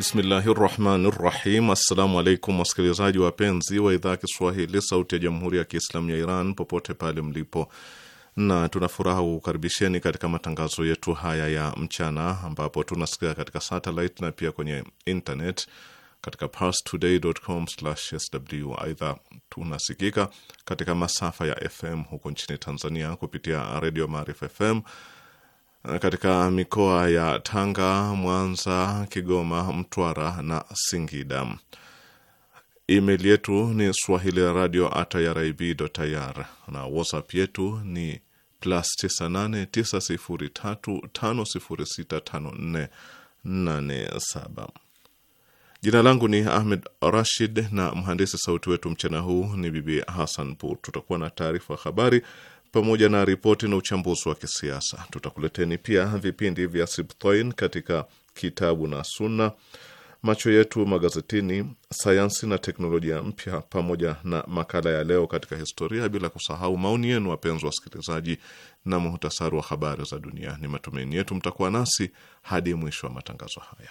Bismillahi rahmani rahim. Assalamu alaikum wasikilizaji wapenzi wa idhaa ya Kiswahili sauti ya jamhuri ya Kiislamu ya Iran popote pale mlipo, na tunafuraha kukaribisheni katika matangazo yetu haya ya mchana ambapo tunasikia katika satelit na pia kwenye internet katika parstoday.com/sw. Aidha, tunasikika katika masafa ya FM huko nchini Tanzania kupitia redio Maarifa FM Eh, katika mikoa ya Tanga, Mwanza, Kigoma, Mtwara na Singida. Email yetu ni swahili radio at na whatsapp yetu ni plus 989035065487. Jina langu ni Ahmed Rashid na mhandisi sauti wetu mchana huu ni Bibi Hassan Pur. Tutakuwa na taarifa habari pamoja na ripoti na uchambuzi wa kisiasa. Tutakuleteni pia vipindi vya Sibtoin katika kitabu na Sunna, macho yetu magazetini, sayansi na teknolojia mpya, pamoja na makala ya leo katika historia, bila kusahau maoni yenu, wapenzi wasikilizaji, na muhtasari wa habari za dunia. Ni matumaini yetu mtakuwa nasi hadi mwisho wa matangazo haya.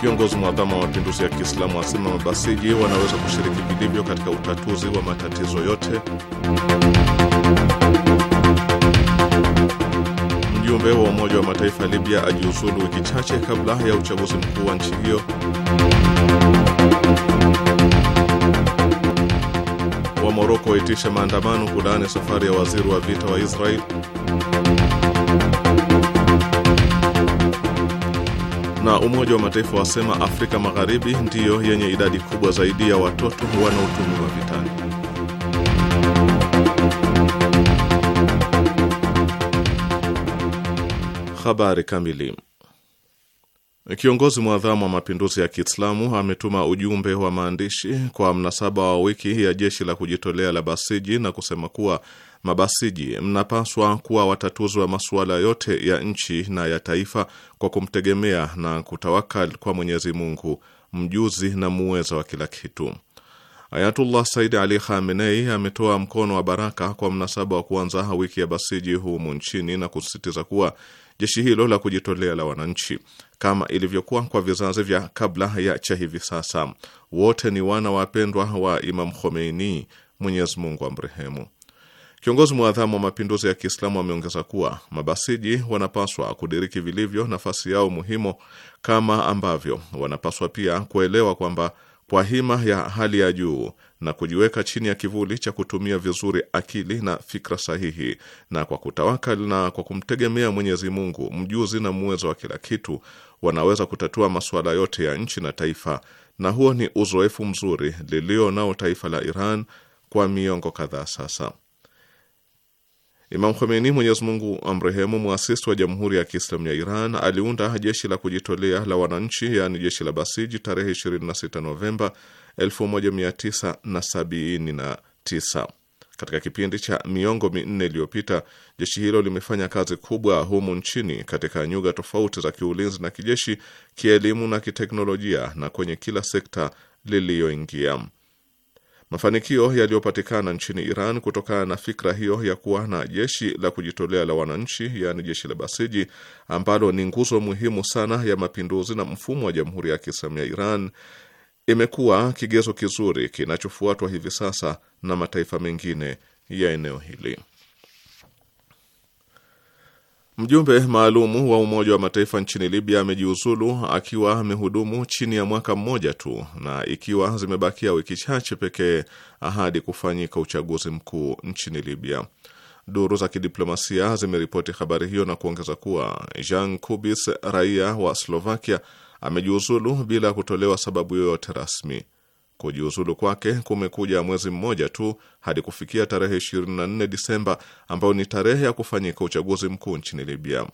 Kiongozi mwadhama wa mapinduzi ya Kiislamu asema mabasiji wanaweza kushiriki vilivyo katika utatuzi wa matatizo yote. Mjumbe wa Umoja wa Mataifa Libya ajiuzulu wiki chache kabla ya uchaguzi mkuu wa nchi hiyo. Wa Moroko waitisha maandamano kulaani safari ya waziri wa vita wa Israeli. na Umoja wa Mataifa wasema Afrika Magharibi ndiyo yenye idadi kubwa zaidi ya watoto wanaotumiwa vitani. Habari kamili. Kiongozi mwadhamu wa mapinduzi ya Kiislamu ametuma ujumbe wa maandishi kwa mnasaba wa wiki ya jeshi la kujitolea la Basiji na kusema kuwa Mabasiji, mnapaswa kuwa watatuzi wa masuala yote ya nchi na ya taifa kwa kumtegemea na kutawakal kwa Mwenyezi Mungu mjuzi na muweza wa kila kitu. Ayatullah Said Ali Khamenei ametoa mkono wa baraka kwa mnasaba wa kuanza wiki ya Basiji humu nchini na kusisitiza kuwa jeshi hilo la kujitolea la wananchi, kama ilivyokuwa kwa vizazi vya kabla ya cha hivi sasa, wote ni wana wapendwa wa Imam Khomeini, Mwenyezi Mungu amrehemu. Kiongozi mwadhamu wa mapinduzi ya Kiislamu ameongeza kuwa mabasiji wanapaswa kudiriki vilivyo nafasi yao muhimu, kama ambavyo wanapaswa pia kuelewa kwamba kwa hima ya hali ya juu na kujiweka chini ya kivuli cha kutumia vizuri akili na fikra sahihi, na kwa kutawakali na kwa kumtegemea Mwenyezi Mungu mjuzi na muwezo wa kila kitu, wanaweza kutatua masuala yote ya nchi na taifa, na huo ni uzoefu mzuri lilio nao taifa la Iran kwa miongo kadhaa sasa. Imam Khomeini, Mwenyezi Mungu amrehemu, mwasisi wa Jamhuri ya Kiislamu ya Iran, aliunda jeshi la kujitolea la wananchi, yaani jeshi la Basiji tarehe 26 Novemba 1979. Katika kipindi cha miongo minne iliyopita, jeshi hilo limefanya kazi kubwa humu nchini katika nyuga tofauti za kiulinzi na kijeshi, kielimu na kiteknolojia na kwenye kila sekta liliyoingia. Mafanikio yaliyopatikana nchini Iran kutokana na fikra hiyo ya kuwa na jeshi la kujitolea la wananchi, yaani jeshi la Basiji, ambalo ni nguzo muhimu sana ya mapinduzi na mfumo wa Jamhuri ya Kiislamu ya Iran, imekuwa kigezo kizuri kinachofuatwa hivi sasa na mataifa mengine ya eneo hili. Mjumbe maalumu wa Umoja wa Mataifa nchini Libya amejiuzulu akiwa amehudumu chini ya mwaka mmoja tu na ikiwa zimebakia wiki chache pekee ahadi kufanyika uchaguzi mkuu nchini Libya. Duru za kidiplomasia zimeripoti habari hiyo na kuongeza kuwa Jean Kubis, raia wa Slovakia, amejiuzulu bila kutolewa sababu yoyote rasmi. Kujiuzulu kwake kumekuja mwezi mmoja tu hadi kufikia tarehe 24 Disemba, ambayo ni tarehe ya kufanyika uchaguzi mkuu nchini Libya.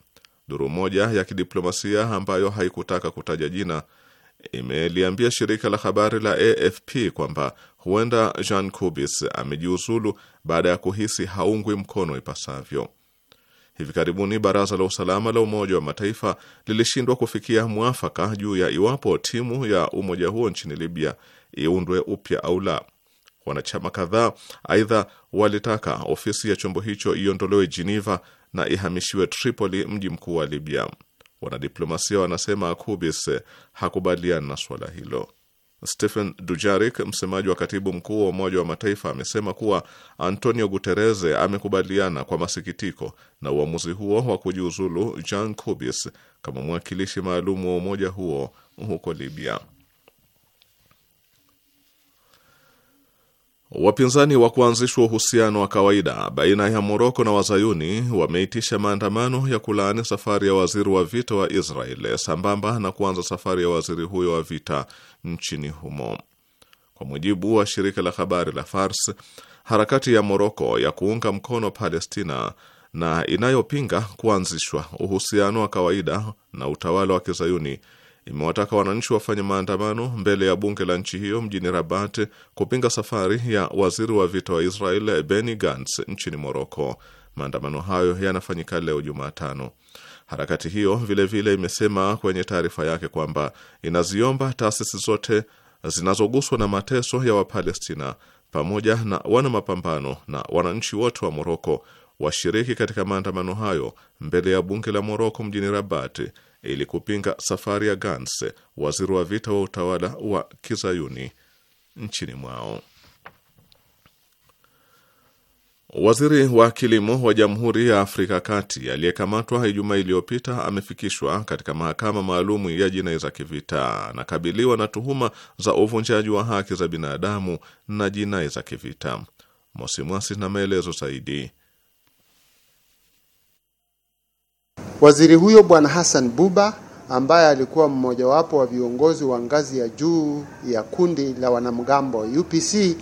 Duru moja ya kidiplomasia ambayo haikutaka kutaja jina imeliambia shirika la habari la AFP kwamba huenda Jean Kubis amejiuzulu baada ya kuhisi haungwi mkono ipasavyo. Hivi karibuni baraza la usalama la Umoja wa Mataifa lilishindwa kufikia mwafaka juu ya iwapo timu ya umoja huo nchini Libya iundwe upya au la. Wanachama kadhaa aidha walitaka ofisi ya chombo hicho iondolewe Geneva na ihamishiwe Tripoli, mji mkuu wa Libya. Wanadiplomasia wanasema Kubis hakubaliana na suala hilo. Stephen Dujarik, msemaji wa katibu mkuu wa Umoja wa Mataifa, amesema kuwa Antonio Guterres amekubaliana kwa masikitiko na uamuzi huo wa kujiuzulu Jan Kubis kama mwakilishi maalum wa umoja huo huko Libya. Wapinzani wa kuanzishwa uhusiano wa kawaida baina ya Moroko na Wazayuni wameitisha maandamano ya kulaani safari ya waziri wa vita wa Israel sambamba na kuanza safari ya waziri huyo wa vita nchini humo. Kwa mujibu wa shirika la habari la Fars, harakati ya Moroko ya kuunga mkono Palestina na inayopinga kuanzishwa uhusiano wa kawaida na utawala wa Kizayuni imewataka wananchi wafanye maandamano mbele ya bunge la nchi hiyo mjini Rabat kupinga safari ya waziri wa vita wa Israel Benny Gantz nchini Moroko. Maandamano hayo yanafanyika leo Jumatano. Harakati hiyo vilevile vile imesema kwenye taarifa yake kwamba inaziomba taasisi zote zinazoguswa na mateso ya Wapalestina pamoja na wana mapambano na wananchi wote wa Moroko washiriki katika maandamano hayo mbele ya bunge la Moroko mjini Rabati ili kupinga safari ya Gans, waziri wa vita wa utawala wa kizayuni nchini mwao. Waziri wa kilimo wa Jamhuri ya Afrika Kati aliyekamatwa Ijumaa iliyopita amefikishwa katika mahakama maalumu ya jinai za kivita. Anakabiliwa na tuhuma za uvunjaji wa haki za binadamu na jinai za kivita. Mosimwasi na maelezo zaidi Waziri huyo Bwana Hassan Buba ambaye alikuwa mmojawapo wa viongozi wa ngazi ya juu ya kundi la wanamgambo UPC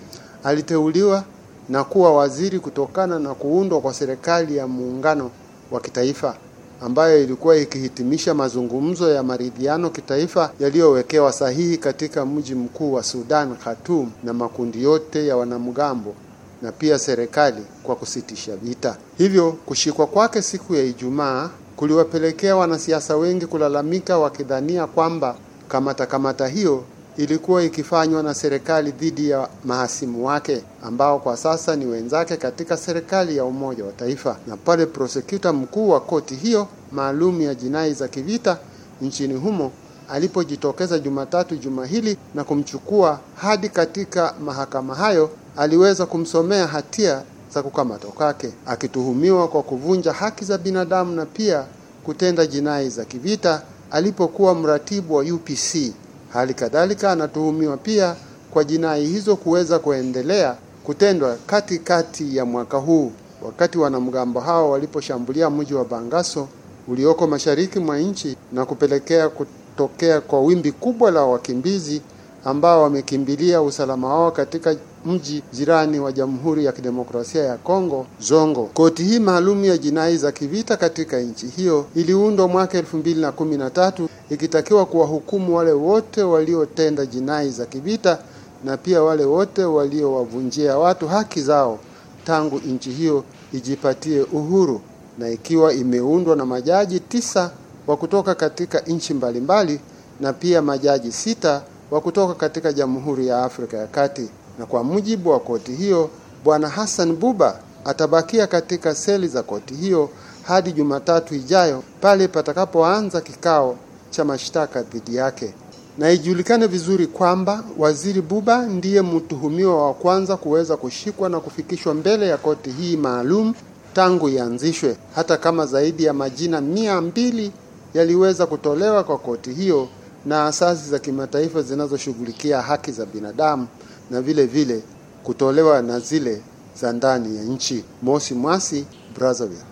aliteuliwa na kuwa waziri kutokana na kuundwa kwa serikali ya muungano wa kitaifa ambayo ilikuwa ikihitimisha mazungumzo ya maridhiano kitaifa yaliyowekewa sahihi katika mji mkuu wa Sudan Khartoum na makundi yote ya wanamgambo na pia serikali kwa kusitisha vita. Hivyo kushikwa kwake siku ya Ijumaa kuliwapelekea wanasiasa wengi kulalamika wakidhania kwamba kamata kamata hiyo ilikuwa ikifanywa na serikali dhidi ya mahasimu wake ambao kwa sasa ni wenzake katika serikali ya Umoja wa Taifa. Na pale prosekuta mkuu wa koti hiyo maalum ya jinai za kivita nchini humo alipojitokeza Jumatatu juma hili na kumchukua hadi katika mahakama hayo, aliweza kumsomea hatia za kukamatwa kwake, akituhumiwa kwa kuvunja haki za binadamu na pia kutenda jinai za kivita alipokuwa mratibu wa UPC. Hali kadhalika anatuhumiwa pia kwa jinai hizo kuweza kuendelea kutendwa katikati ya mwaka huu wakati wanamgambo hao waliposhambulia mji wa Bangaso ulioko mashariki mwa nchi na kupelekea kutokea kwa wimbi kubwa la wakimbizi ambao wamekimbilia usalama wao katika mji jirani wa Jamhuri ya Kidemokrasia ya Kongo, Zongo. Koti hii maalum ya jinai za kivita katika nchi hiyo iliundwa mwaka elfu mbili na kumi na tatu ikitakiwa kuwahukumu wale wote waliotenda jinai za kivita na pia wale wote waliowavunjia watu haki zao tangu nchi hiyo ijipatie uhuru, na ikiwa imeundwa na majaji tisa wa kutoka katika nchi mbalimbali na pia majaji sita wa kutoka katika Jamhuri ya Afrika ya Kati na kwa mujibu wa koti hiyo, Bwana Hassan Buba atabakia katika seli za koti hiyo hadi Jumatatu ijayo pale patakapoanza kikao cha mashtaka dhidi yake. Na ijulikane vizuri kwamba Waziri Buba ndiye mtuhumiwa wa kwanza kuweza kushikwa na kufikishwa mbele ya koti hii maalum tangu ianzishwe, hata kama zaidi ya majina mia mbili yaliweza kutolewa kwa koti hiyo na asasi za kimataifa zinazoshughulikia haki za binadamu na vile vile kutolewa na zile za ndani ya nchi. Mosi Mwasi, Brazzaville.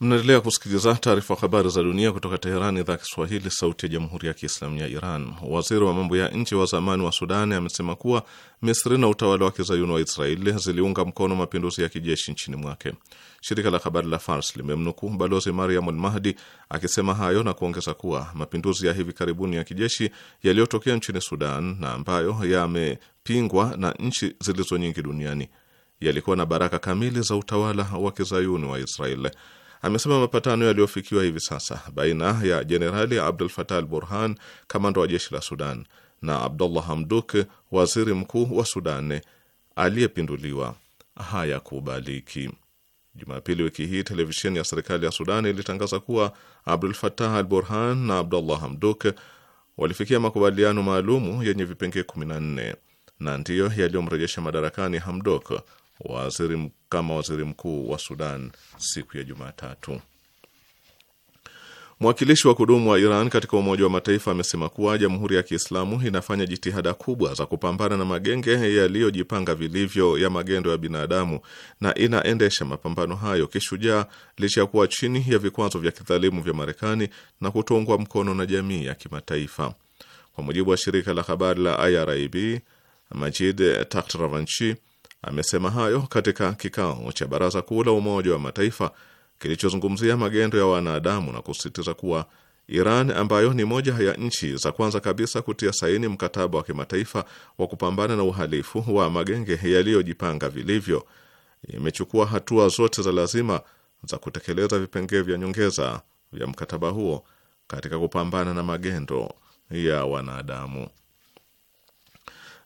Mnaendelea kusikiliza taarifa habari za dunia kutoka Teherani, idhaa Kiswahili, sauti ya jamhuri ya kiislamu ya Iran. Waziri wa mambo ya nchi wa zamani wa Sudani amesema kuwa Misri na utawala wa kizayuni wa Israeli ziliunga mkono mapinduzi ya kijeshi nchini mwake. Shirika la habari la Fars limemnukuu balozi Mariam mahdi akisema hayo na kuongeza kuwa mapinduzi ya hivi karibuni ya kijeshi yaliyotokea nchini Sudan na ambayo yamepingwa na nchi zilizo nyingi duniani yalikuwa na baraka kamili za utawala wa kizayuni wa israel Amesema mapatano yaliyofikiwa hivi sasa baina ya Jenerali Abdul Fatah al Burhan, kamanda wa jeshi la Sudan, na Abdullah Hamduk, waziri mkuu wa Sudan aliyepinduliwa, hayakubaliki. Jumapili wiki hii televisheni ya serikali ya Sudan ilitangaza kuwa Abdul fatah al Burhan na Abdullah Hamduk walifikia makubaliano maalumu yenye vipengee 14 na ndiyo yaliyomrejesha madarakani Hamdok waziri, kama waziri mkuu wa Sudan siku ya Jumatatu. Mwakilishi wa kudumu wa Iran katika Umoja wa Mataifa amesema kuwa Jamhuri ya Kiislamu inafanya jitihada kubwa za kupambana na magenge yaliyojipanga vilivyo ya magendo ya binadamu na inaendesha mapambano hayo kishujaa licha ya kuwa chini ya vikwazo vya kidhalimu vya Marekani na kutungwa mkono na jamii ya kimataifa. Kwa mujibu wa shirika la habari la IRIB, Majid Takhtravanchi amesema hayo katika kikao cha Baraza Kuu la Umoja wa Mataifa kilichozungumzia magendo ya wanadamu na kusisitiza kuwa Iran ambayo ni moja ya nchi za kwanza kabisa kutia saini mkataba wa kimataifa wa kupambana na uhalifu wa magenge yaliyojipanga vilivyo imechukua hatua zote za lazima za kutekeleza vipengee vya nyongeza vya mkataba huo katika kupambana na magendo ya wanadamu.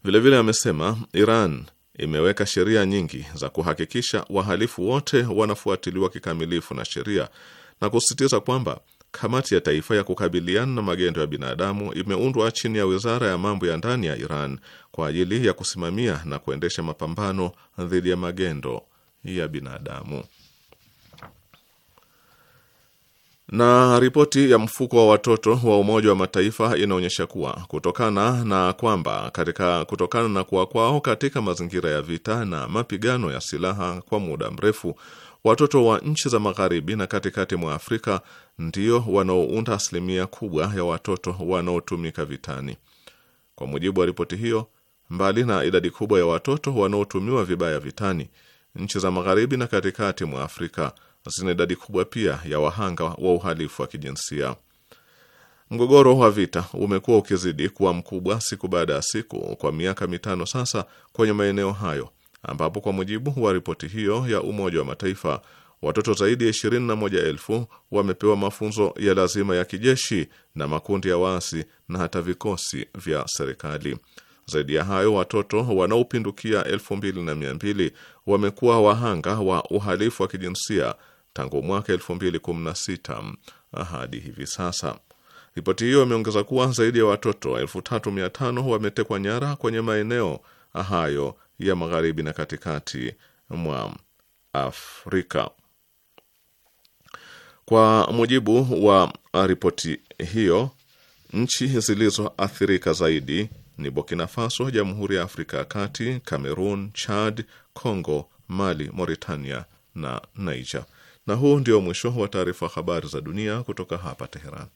Vilevile amesema Iran imeweka sheria nyingi za kuhakikisha wahalifu wote wanafuatiliwa kikamilifu na sheria na kusisitiza kwamba kamati ya taifa ya kukabiliana na magendo ya binadamu imeundwa chini ya wizara ya mambo ya ndani ya Iran kwa ajili ya kusimamia na kuendesha mapambano dhidi ya magendo ya binadamu. Na ripoti ya mfuko wa watoto wa Umoja wa Mataifa inaonyesha kuwa kutokana na kwamba katika kutokana na kuwa kwao katika mazingira ya vita na mapigano ya silaha kwa muda mrefu, watoto wa nchi za magharibi na katikati mwa Afrika ndio wanaounda asilimia kubwa ya watoto wanaotumika vitani. Kwa mujibu wa ripoti hiyo, mbali na idadi kubwa ya watoto wanaotumiwa vibaya vitani, nchi za magharibi na katikati mwa Afrika zina idadi kubwa pia ya wahanga wa uhalifu wa kijinsia. Mgogoro wa vita umekuwa ukizidi kuwa mkubwa siku baada ya siku kwa miaka mitano sasa kwenye maeneo hayo, ambapo kwa mujibu wa ripoti hiyo ya Umoja wa Mataifa watoto zaidi ya ishirini na moja elfu wamepewa mafunzo ya lazima ya kijeshi na makundi ya waasi na hata vikosi vya serikali. Zaidi ya hayo, watoto wanaopindukia elfu mbili na mia mbili wamekuwa wahanga wa uhalifu wa kijinsia tangu mwaka 2016 hadi hivi sasa. Ripoti hiyo imeongeza kuwa zaidi ya watoto 3500 wametekwa nyara kwenye maeneo hayo ya magharibi na katikati mwa Afrika. Kwa mujibu wa ripoti hiyo, nchi zilizoathirika zaidi ni Burkina Faso, Jamhuri ya Afrika ya Kati, Cameroon, Chad, Congo, Mali, Mauritania na Niger. Na huu ndio mwisho wa taarifa habari za dunia kutoka hapa Teheran.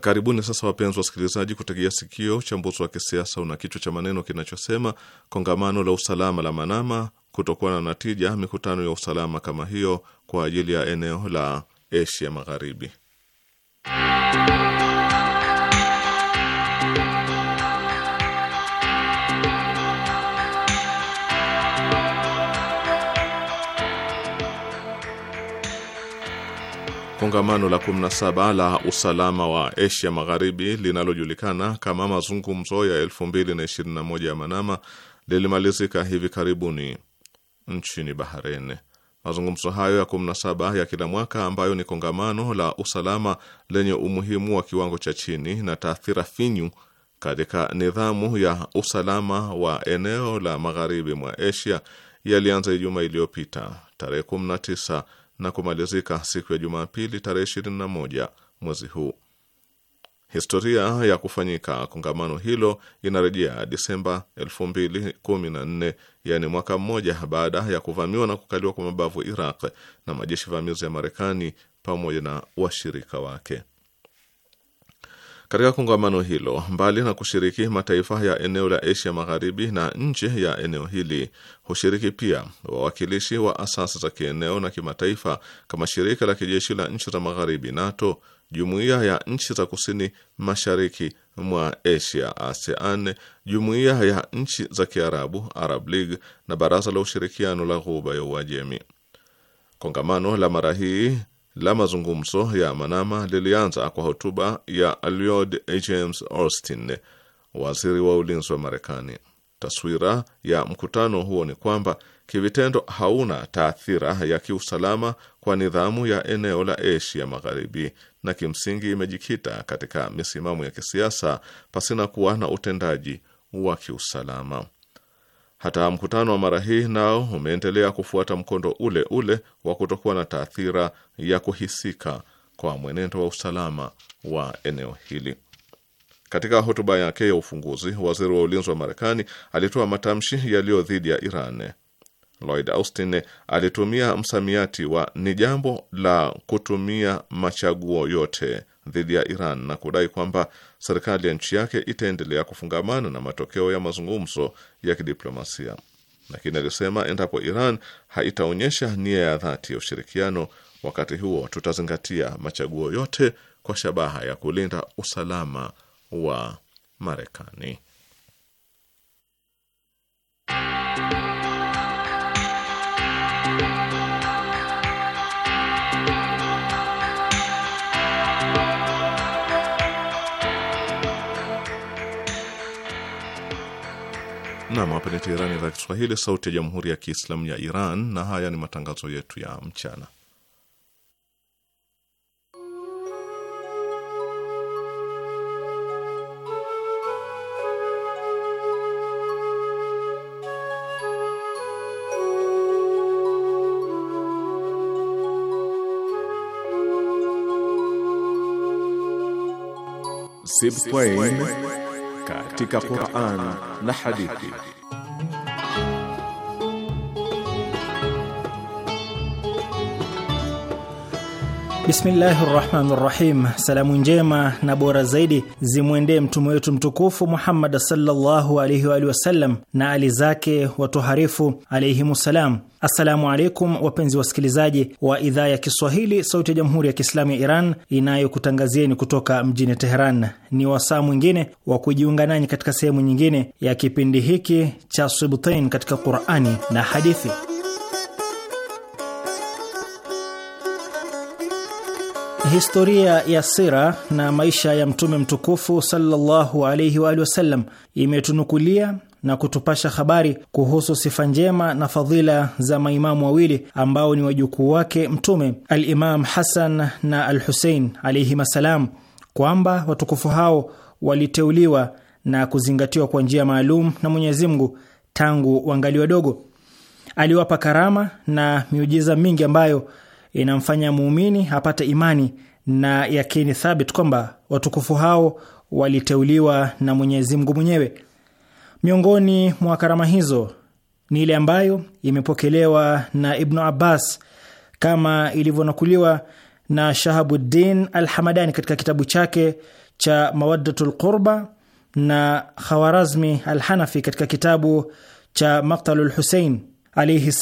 Karibuni sasa wapenzi wasikilizaji, kutegea sikio uchambuzi wa kisiasa una kichwa cha maneno kinachosema kongamano la usalama la Manama kutokuwa na natija, mikutano ya usalama kama hiyo kwa ajili ya eneo la Asia Magharibi. kongamano la 17 la usalama wa Asia Magharibi linalojulikana kama mazungumzo ya 2021 ya Manama lilimalizika hivi karibuni nchini Bahrain. Mazungumzo hayo ya 17 ya kila mwaka ambayo ni kongamano la usalama lenye umuhimu wa kiwango cha chini na taathira finyu katika nidhamu ya usalama wa eneo la magharibi mwa Asia yalianza Ijumaa iliyopita tarehe 19 na kumalizika siku ya Jumapili tarehe 21 mwezi huu. Historia ya kufanyika kongamano hilo inarejea Disemba 2014, yaani mwaka mmoja baada ya kuvamiwa na kukaliwa kwa mabavu Iraq na majeshi vamizi ya Marekani pamoja na washirika wake. Katika kongamano hilo, mbali na kushiriki mataifa ya eneo la Asia Magharibi na nje ya eneo hili, hushiriki pia wawakilishi wa asasi za kieneo na kimataifa kama shirika la kijeshi la nchi za Magharibi NATO, jumuiya ya nchi za kusini mashariki mwa Asia ASEAN, jumuiya ya nchi za Kiarabu Arab League na baraza la ushirikiano la Ghuba ya Uajemi. Kongamano la mara hii la mazungumzo ya Manama lilianza kwa hotuba ya Lloyd James Austin, waziri wa ulinzi wa Marekani. Taswira ya mkutano huo ni kwamba kivitendo hauna taathira ya kiusalama kwa nidhamu ya eneo la Asia Magharibi, na kimsingi imejikita katika misimamo ya kisiasa pasina kuwa na utendaji wa kiusalama. Hata mkutano wa mara hii nao umeendelea kufuata mkondo ule ule wa kutokuwa na taathira ya kuhisika kwa mwenendo wa usalama wa eneo hili. Katika hotuba yake ya ufunguzi, waziri wa ulinzi wa Marekani alitoa matamshi yaliyo dhidi ya Iran. Lloyd Austin alitumia msamiati wa ni jambo la kutumia machaguo yote dhidi ya Iran na kudai kwamba serikali ya nchi yake itaendelea kufungamana na matokeo ya mazungumzo ya kidiplomasia. Lakini alisema endapo Iran haitaonyesha nia ya dhati ya ushirikiano, wakati huo tutazingatia machaguo yote kwa shabaha ya kulinda usalama wa Marekani. Nam, hapa ni Teherani, idhaa ya Kiswahili, sauti ya jamhuri ya kiislamu ya Iran, na haya ni matangazo yetu ya mchana. katika Qur'an na hadithi Bismillahi rahmani rahim. Salamu njema na bora zaidi zimwendee mtume wetu mtukufu Muhammad sallallahu alaihi wa alihi wasallam na ali zake watoharifu alaihimussalam. Assalamu alaikum wapenzi wasikilizaji wa idhaa ya Kiswahili sauti ya jamhuri ya Kiislamu ya Iran inayokutangazieni kutoka mjini Teheran. Ni wasaa mwingine wa kujiunga nanyi katika sehemu nyingine ya kipindi hiki cha Sibtain katika Qurani na Hadithi. Historia ya sira na maisha ya mtume mtukufu sallallahu alaihi wa alihi wasallam imetunukulia na kutupasha habari kuhusu sifa njema na fadhila za maimamu wawili ambao ni wajukuu wake mtume Alimam Hasan na alhusein alaihim assalam, kwamba watukufu hao waliteuliwa na kuzingatiwa kwa njia maalum na Mwenyezi Mungu tangu wangali wadogo. Aliwapa karama na miujiza mingi ambayo inamfanya muumini apate imani na yakini thabit kwamba watukufu hao waliteuliwa na Mwenyezi Mungu mwenyewe. Miongoni mwa karama hizo ni ile ambayo imepokelewa na Ibnu Abbas kama ilivyonakuliwa na Shahabuddin Alhamadani katika kitabu chake cha Mawaddatul lqurba na Khawarazmi Alhanafi katika kitabu cha Maktalu lhusein alaihi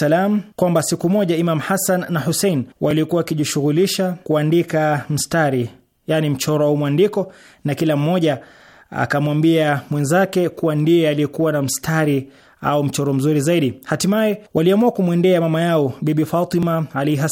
kwamba siku moja Imam Hasan na Husein walikuwa wakijishughulisha kuandika mstari, yani mchoro au mwandiko, na kila mmoja akamwambia mwenzake kuwa ndiye aliyekuwa na mstari au mchoro mzuri zaidi. Hatimaye waliamua kumwendea mama yao Bibi Fatima alaihi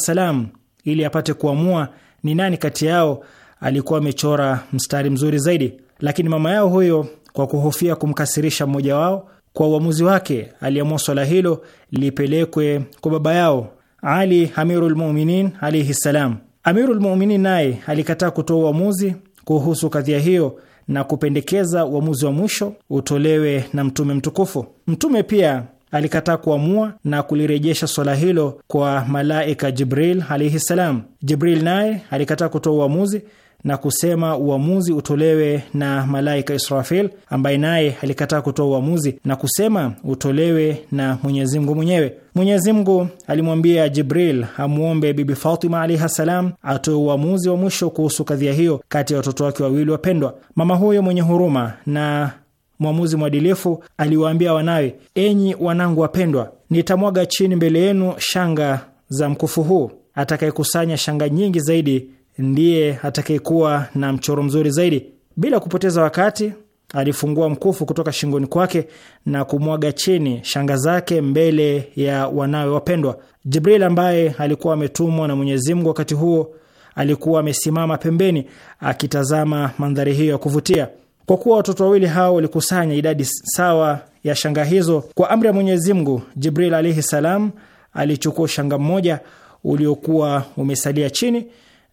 ili apate kuamua ni nani kati yao alikuwa amechora mstari mzuri zaidi, lakini mama yao huyo, kwa kuhofia kumkasirisha mmoja wao kwa uamuzi wake aliamua swala hilo lipelekwe kwa baba yao Ali Amirul Muminin alaihi ssalam. Amirul Muminin naye alikataa kutoa uamuzi kuhusu kadhia hiyo na kupendekeza uamuzi wa mwisho utolewe na mtume mtukufu. Mtume pia alikataa kuamua na kulirejesha swala hilo kwa malaika Jibril alaihi ssalam. Jibril naye alikataa kutoa uamuzi na kusema uamuzi utolewe na malaika Israfil, ambaye naye alikataa kutoa uamuzi na kusema utolewe na Mwenyezi Mungu mwenyewe. Mwenyezi Mungu alimwambia Jibril amwombe Bibi Fatima alaihi ssalam atoe uamuzi wa mwisho kuhusu kadhia hiyo kati ya watoto wake wawili wapendwa. Mama huyo mwenye huruma na mwamuzi mwadilifu aliwaambia wanawe, enyi wanangu wapendwa, nitamwaga chini mbele yenu shanga za mkufu huu, atakayekusanya shanga nyingi zaidi ndiye atakayekuwa na mchoro mzuri zaidi. Bila kupoteza wakati, alifungua mkufu kutoka shingoni kwake na kumwaga chini shanga zake mbele ya wanawe wapendwa. Jibril ambaye alikuwa ametumwa na Mwenyezi Mungu wakati huo alikuwa amesimama pembeni akitazama mandhari hiyo ya kuvutia. Kwa kuwa watoto wawili hao walikusanya idadi sawa ya shanga hizo, kwa amri ya Mwenyezi Mungu, Jibril alaihi salam alichukua ushanga mmoja uliokuwa umesalia chini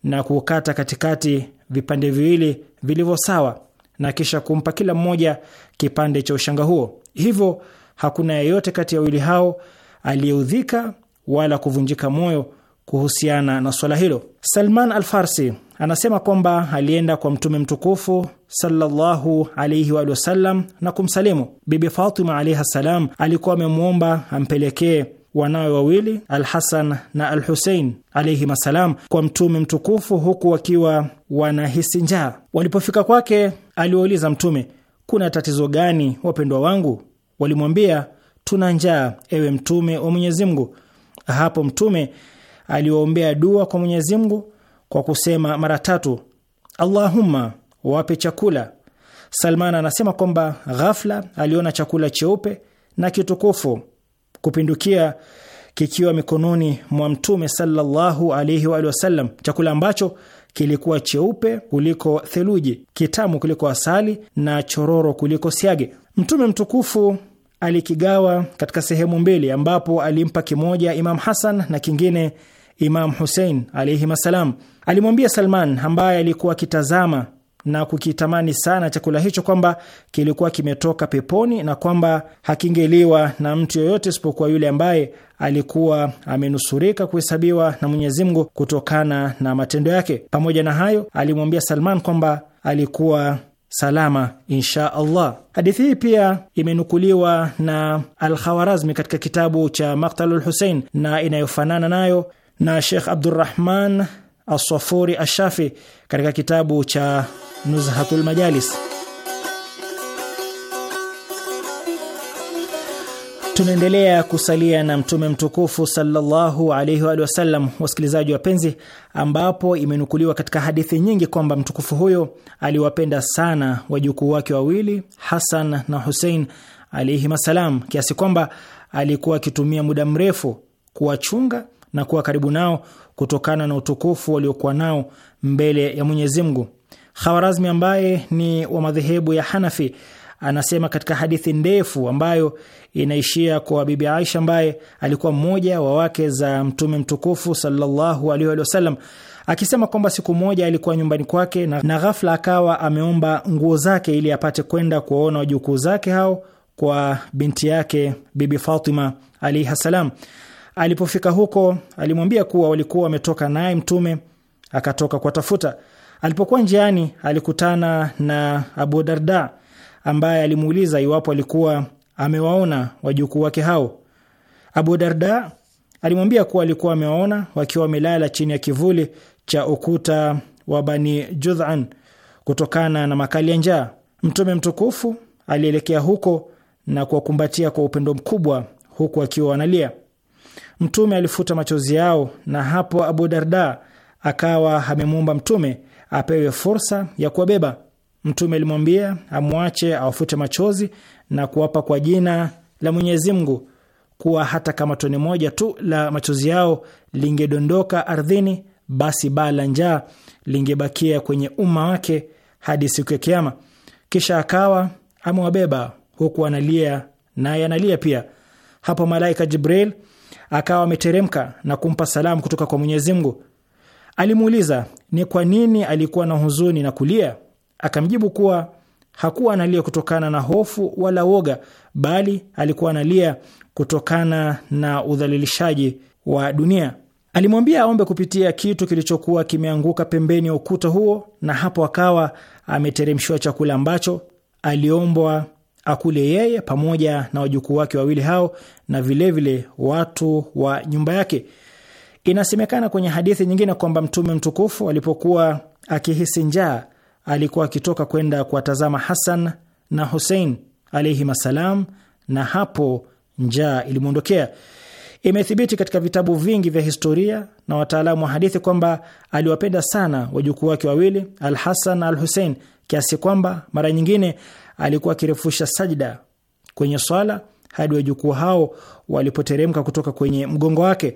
na kukata katikati vipande viwili vilivyo sawa na kisha kumpa kila mmoja kipande cha ushanga huo. Hivyo hakuna yeyote kati ya wawili hao aliyeudhika wala kuvunjika moyo kuhusiana na swala hilo. Salman Alfarsi anasema kwamba alienda kwa Mtume mtukufu sallallahu alaihi wasallam na kumsalimu. Bibi Fatima alaihi ssalam alikuwa amemwomba ampelekee wanawe wawili Alhasan na Al Husein alaihim assalam kwa Mtume mtukufu huku wakiwa wanahisi njaa. Walipofika kwake, aliwauliza Mtume, kuna tatizo gani wapendwa wangu? Walimwambia, tuna njaa, ewe Mtume wa Mwenyezi Mungu. Hapo Mtume aliwaombea dua kwa Mwenyezi Mungu kwa kusema mara tatu, Allahumma wape chakula. Salmana anasema kwamba ghafla aliona chakula cheupe na kitukufu kupindukia kikiwa mikononi mwa Mtume sallallahu alaihi wa sallam, chakula ambacho kilikuwa cheupe kuliko theluji, kitamu kuliko asali na chororo kuliko siage. Mtume mtukufu alikigawa katika sehemu mbili, ambapo alimpa kimoja Imam Hasan na kingine Imam Husein alaihim assalam. Alimwambia Salman ambaye alikuwa akitazama na kukitamani sana chakula hicho kwamba kilikuwa kimetoka peponi na kwamba hakingeliwa na mtu yoyote isipokuwa yule ambaye alikuwa amenusurika kuhesabiwa na Mwenyezi Mungu kutokana na matendo yake. Pamoja na hayo, alimwambia Salman kwamba alikuwa salama insha Allah. Hadithi hii pia imenukuliwa na Al-Khawarazmi katika kitabu cha Maktalul Husein na inayofanana nayo na Shekh Abdurrahman Aswafuri Ashafi katika kitabu cha Nuzhatul Majalis. Tunaendelea kusalia na Mtume mtukufu sallallahu alaihi wa sallam, wasikilizaji wapenzi, ambapo imenukuliwa katika hadithi nyingi kwamba mtukufu huyo aliwapenda sana wajukuu wake wawili Hasan na Husein alaihim assalam, kiasi kwamba alikuwa akitumia muda mrefu kuwachunga na kuwa karibu nao kutokana na utukufu waliokuwa nao mbele ya Mwenyezi Mungu. Khawarazmi ambaye ni wa madhehebu ya Hanafi anasema katika hadithi ndefu ambayo inaishia kwa Bibi Aisha ambaye alikuwa mmoja wa wake za Mtume mtukufu sallallahu alaihi akisema kwamba siku moja alikuwa nyumbani kwake na, na ghafla akawa ameomba nguo zake ili apate kwenda kuwaona wajukuu zake hao kwa binti yake Bibi Fatima alaihi salam. Alipofika huko alimwambia kuwa walikuwa wametoka naye Mtume akatoka kuwatafuta. Alipokuwa njiani, alikutana na Abu Darda ambaye alimuuliza iwapo alikuwa amewaona wajukuu wake hao. Abu Darda alimwambia kuwa alikuwa amewaona wakiwa wamelala chini ya kivuli cha ukuta wa Bani Judhan kutokana na makali ya njaa. Mtume mtukufu alielekea huko na kuwakumbatia kwa upendo mkubwa, huku akiwa analia. Mtume alifuta machozi yao, na hapo Abu Darda akawa amemwomba Mtume apewe fursa ya kuwabeba. Mtume alimwambia amwache awafute machozi na kuwapa kwa jina la Mwenyezi Mungu kuwa hata kama tone moja tu la machozi yao lingedondoka ardhini, basi baa la njaa lingebakia kwenye umma wake hadi siku ya Kiama. Kisha akawa amewabeba huku analia naye analia pia. Hapo malaika Jibril akawa ameteremka na kumpa salamu kutoka kwa Mwenyezi Mungu. Alimuuliza ni kwa nini alikuwa na huzuni na kulia. Akamjibu kuwa hakuwa analia kutokana na hofu wala woga, bali alikuwa analia kutokana na udhalilishaji wa dunia. Alimwambia aombe kupitia kitu kilichokuwa kimeanguka pembeni ya ukuta huo, na hapo akawa ameteremshiwa chakula ambacho aliombwa akule yeye pamoja na wajukuu wake wawili hao na vilevile vile watu wa nyumba yake. Inasemekana kwenye hadithi nyingine kwamba Mtume mtukufu alipokuwa akihisi njaa alikuwa akitoka kwenda kuwatazama Hasan na Husein alaihim assalam, na hapo njaa ilimwondokea. Imethibiti katika vitabu vingi vya historia na wataalamu wa hadithi kwamba aliwapenda sana wajukuu wake wawili Alhasan na Al Husein kiasi kwamba mara nyingine alikuwa akirefusha sajda kwenye swala hadi wajukuu hao walipoteremka kutoka kwenye mgongo wake.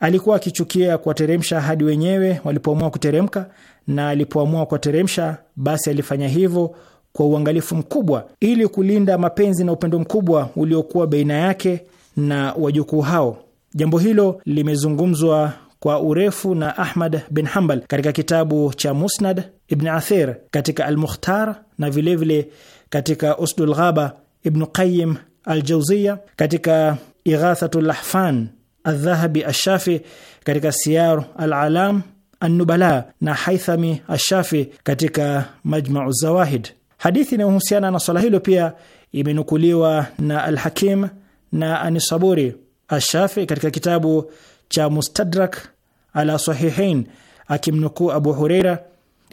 Alikuwa akichukia kuwateremsha hadi wenyewe walipoamua kuteremka, na alipoamua kuwateremsha, basi alifanya hivyo kwa uangalifu mkubwa ili kulinda mapenzi na upendo mkubwa uliokuwa baina yake na wajukuu hao. Jambo hilo limezungumzwa kwa urefu na Ahmad bin Hambal katika kitabu cha Musnad, Ibn Athir katika Almukhtar na vilevile vile katika Usdul Ghaba, Ibnu Qayim Aljauziya katika Ighathatu Lahfan, Aldhahabi Ashafi katika Siyar Alalam Annubala na Haithami Ashafi katika Majmau Zawahid. Hadithi inayohusiana na swala hilo pia imenukuliwa na Alhakim na Anisaburi Ashafi katika kitabu cha Mustadrak ala Sahihain akimnukuu Abu Hureira,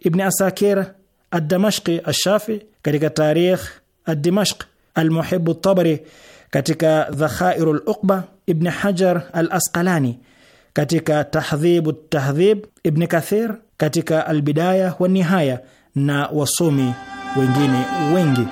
Ibni Asakir Aldamashqi Alshafi katika Tarikh Aldimashq, Almuhibu Tabari katika Dhakhairu Luqba, Ibni Hajar Al Asqalani katika Tahdhibu Tahdhib, Ibni Kathir katika Albidaya wa Nihaya na wasomi wengine wengi.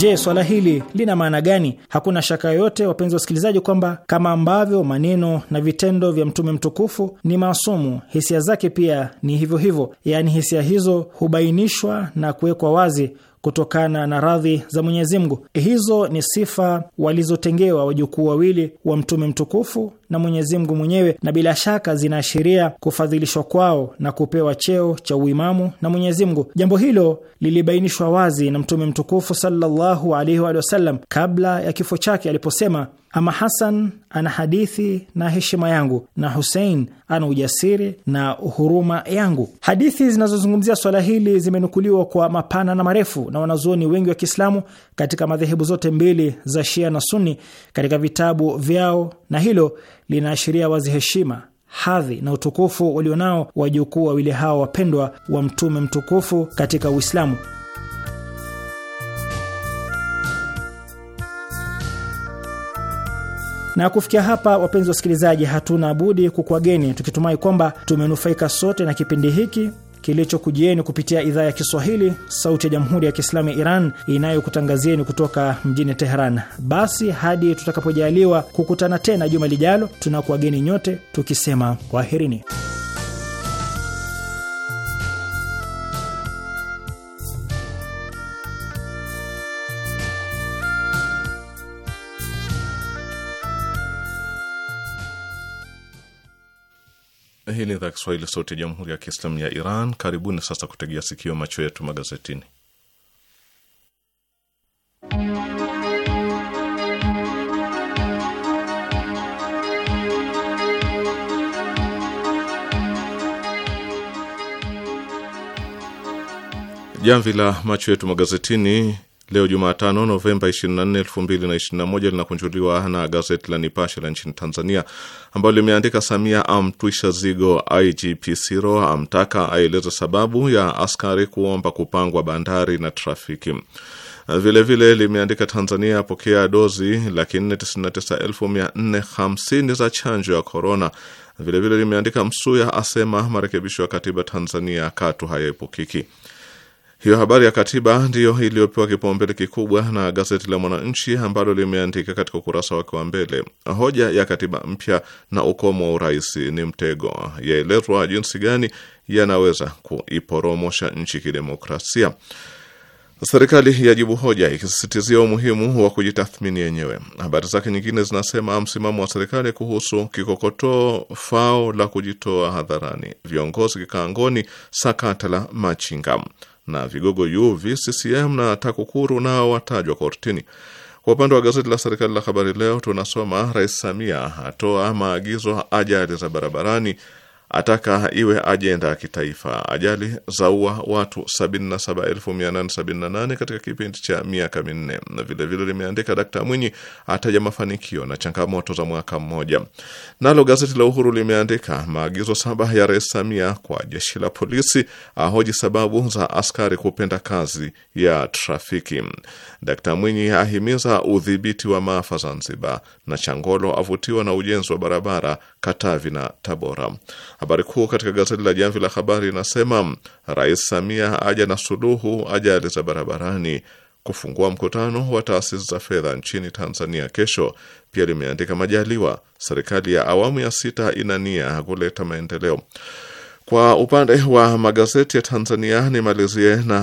Je, swala hili lina maana gani? Hakuna shaka yoyote, wapenzi wasikilizaji, kwamba kama ambavyo maneno na vitendo vya mtume mtukufu ni maasumu, hisia zake pia ni hivyo hivyo, yaani hisia hizo hubainishwa na kuwekwa wazi kutokana na radhi za Mwenyezi Mungu. Hizo ni sifa walizotengewa wajukuu wawili wa mtume mtukufu na Mwenyezi Mungu mwenyewe, na bila shaka zinaashiria kufadhilishwa kwao na kupewa cheo cha uimamu na Mwenyezi Mungu. Jambo hilo lilibainishwa wazi na Mtume mtukufu sallallahu alaihi wa sallam kabla ya kifo chake aliposema: ama Hasan ana hadithi na heshima yangu na Husein ana ujasiri na huruma yangu. Hadithi zinazozungumzia swala hili zimenukuliwa kwa mapana na marefu na wanazuoni wengi wa Kiislamu katika madhehebu zote mbili za Shia na Sunni katika vitabu vyao na hilo linaashiria wazi heshima, hadhi na utukufu walionao wajukuu wawili hao wapendwa wa mtume mtukufu katika Uislamu. Na kufikia hapa, wapenzi wasikilizaji, hatuna budi kukwageni tukitumai kwamba tumenufaika sote na kipindi hiki kilichokujieni kupitia idhaa ya Kiswahili, Sauti ya Jamhuri ya Kiislamu ya Iran inayokutangazieni kutoka mjini Teheran. Basi hadi tutakapojaliwa kukutana tena juma lijalo, tunakuwageni nyote tukisema kwaherini. ya Kiswahili, sauti ya jamhuri ya kiislamu ya Iran. Karibuni sasa kutegea sikio macho yetu magazetini. Jamvi la macho yetu magazetini leo Jumatano Novemba 24, 2021 linakunjuliwa na gazeti la Nipashe la nchini Tanzania ambayo limeandika Samia amtwisha zigo IGP Siro, amtaka aeleze sababu ya askari kuomba kupangwa bandari na trafiki. Vilevile vile limeandika Tanzania apokea dozi laki 499,450 za chanjo ya korona. Vilevile limeandika Msuya asema marekebisho ya katiba Tanzania katu hayaepukiki. Hiyo habari ya katiba ndiyo iliyopewa kipaumbele kikubwa na gazeti la Mwananchi ambalo limeandika katika ukurasa wake wa mbele, hoja ya katiba mpya na ukomo wa urais ni mtego, yaelezwa jinsi gani yanaweza kuiporomosha nchi kidemokrasia. Serikali yajibu hoja ikisisitizia umuhimu wa kujitathmini yenyewe. Habari zake nyingine zinasema msimamo wa serikali kuhusu kikokotoo fao la kujitoa hadharani, viongozi kikaangoni, sakata la machinga na vigogo UV, CCM na TAKUKURU nao watajwa kortini. Kwa upande wa gazeti la serikali la Habari Leo tunasoma Rais Samia atoa maagizo ajali za barabarani ataka iwe ajenda ya kitaifa. Ajali zaua watu 77878 katika kipindi cha miaka minne. Na vilevile limeandika Dkt Mwinyi ataja mafanikio na changamoto za mwaka mmoja. Nalo gazeti la Uhuru limeandika maagizo saba ya Rais Samia kwa jeshi la polisi, ahoji sababu za askari kupenda kazi ya trafiki. Dkt Mwinyi ahimiza udhibiti wa maafa Zanzibar, na Changolo avutiwa na ujenzi wa barabara Katavi na Tabora. Habari kuu katika gazeti la Jamvi la Habari inasema Rais Samia aja na suluhu ajali za barabarani, kufungua mkutano wa taasisi za fedha nchini Tanzania kesho. Pia limeandika Majaliwa, serikali ya awamu ya sita ina nia kuleta maendeleo kwa upande wa magazeti ya Tanzania nimalizie na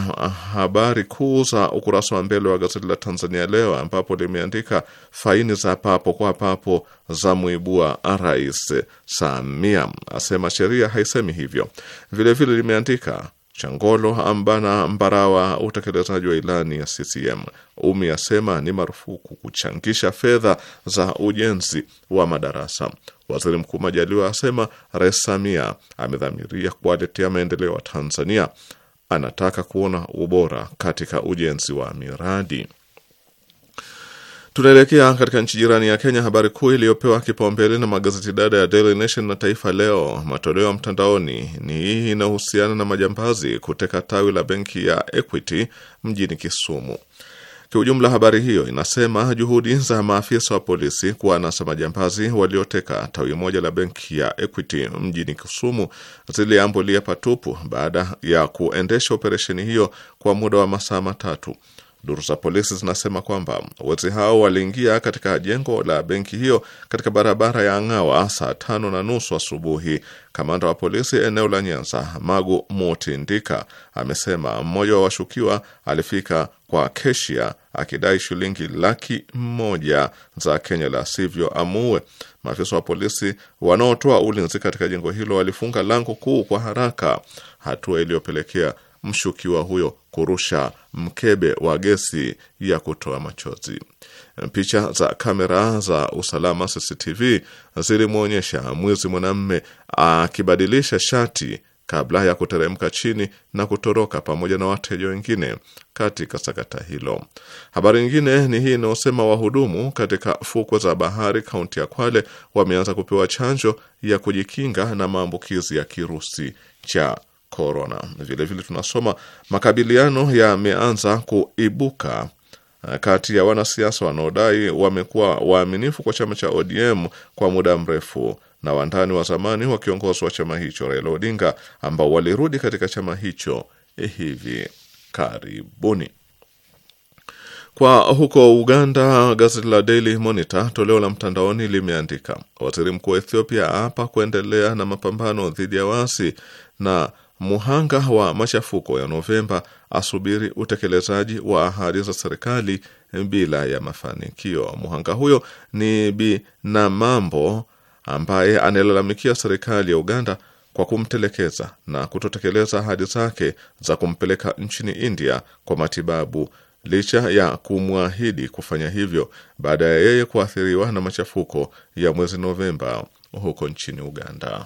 habari kuu za ukurasa wa mbele wa gazeti la Tanzania Leo, ambapo limeandika faini za papo kwa papo za muibua Rais Samia asema sheria haisemi hivyo. Vilevile vile limeandika Changolo ambana Mbarawa utekelezaji wa ilani ya CCM. Umi asema ni marufuku kuchangisha fedha za ujenzi wa madarasa. Waziri Mkuu Majaliwa asema Rais Samia amedhamiria kuwaletea maendeleo wa Tanzania, anataka kuona ubora katika ujenzi wa miradi. Tunaelekea katika nchi jirani ya Kenya. Habari kuu iliyopewa kipaumbele na magazeti dada ya Daily Nation na Taifa Leo matoleo ya mtandaoni ni hii inayohusiana na majambazi kuteka tawi la benki ya Equity mjini Kisumu. kiujumla habari hiyo inasema juhudi za maafisa wa polisi kuwanasa majambazi walioteka tawi moja la benki ya Equity mjini Kisumu ziliambulia patupu baada ya kuendesha operesheni hiyo kwa muda wa masaa matatu. Duru za polisi zinasema kwamba wezi hao waliingia katika jengo la benki hiyo katika barabara ya Ng'awa saa tano na nusu asubuhi. Kamanda wa polisi eneo la Nyanza, Magu Mutindika, amesema mmoja wa washukiwa alifika kwa keshia akidai shilingi laki moja za Kenya, la sivyo amuue. Maafisa wa polisi wanaotoa ulinzi katika jengo hilo walifunga lango kuu kwa haraka, hatua iliyopelekea mshukiwa huyo kurusha mkebe wa gesi ya kutoa machozi. Picha za kamera za usalama CCTV zilimwonyesha mwizi mwanamme akibadilisha shati kabla ya kuteremka chini na kutoroka pamoja na wateja wengine katika sakata hilo. Habari nyingine ni hii inayosema wahudumu katika fukwe za bahari kaunti ya Kwale wameanza kupewa chanjo ya kujikinga na maambukizi ya kirusi cha korona. Vilevile tunasoma makabiliano yameanza kuibuka eh, kati ya wanasiasa wanaodai wamekuwa waaminifu kwa chama cha ODM kwa muda mrefu na wandani wa zamani wa kiongozi wa chama hicho Raila Odinga ambao walirudi katika chama hicho hivi karibuni. Kwa huko Uganda, gazeti la Daily Monitor toleo la mtandaoni limeandika waziri mkuu wa Ethiopia hapa kuendelea na mapambano dhidi ya waasi na muhanga wa machafuko ya Novemba asubiri utekelezaji wa ahadi za serikali bila ya mafanikio. Muhanga huyo ni Bi Namambo ambaye analalamikia serikali ya Uganda kwa kumtelekeza na kutotekeleza ahadi zake za kumpeleka nchini India kwa matibabu licha ya kumwahidi kufanya hivyo baada ya yeye kuathiriwa na machafuko ya mwezi Novemba huko nchini Uganda.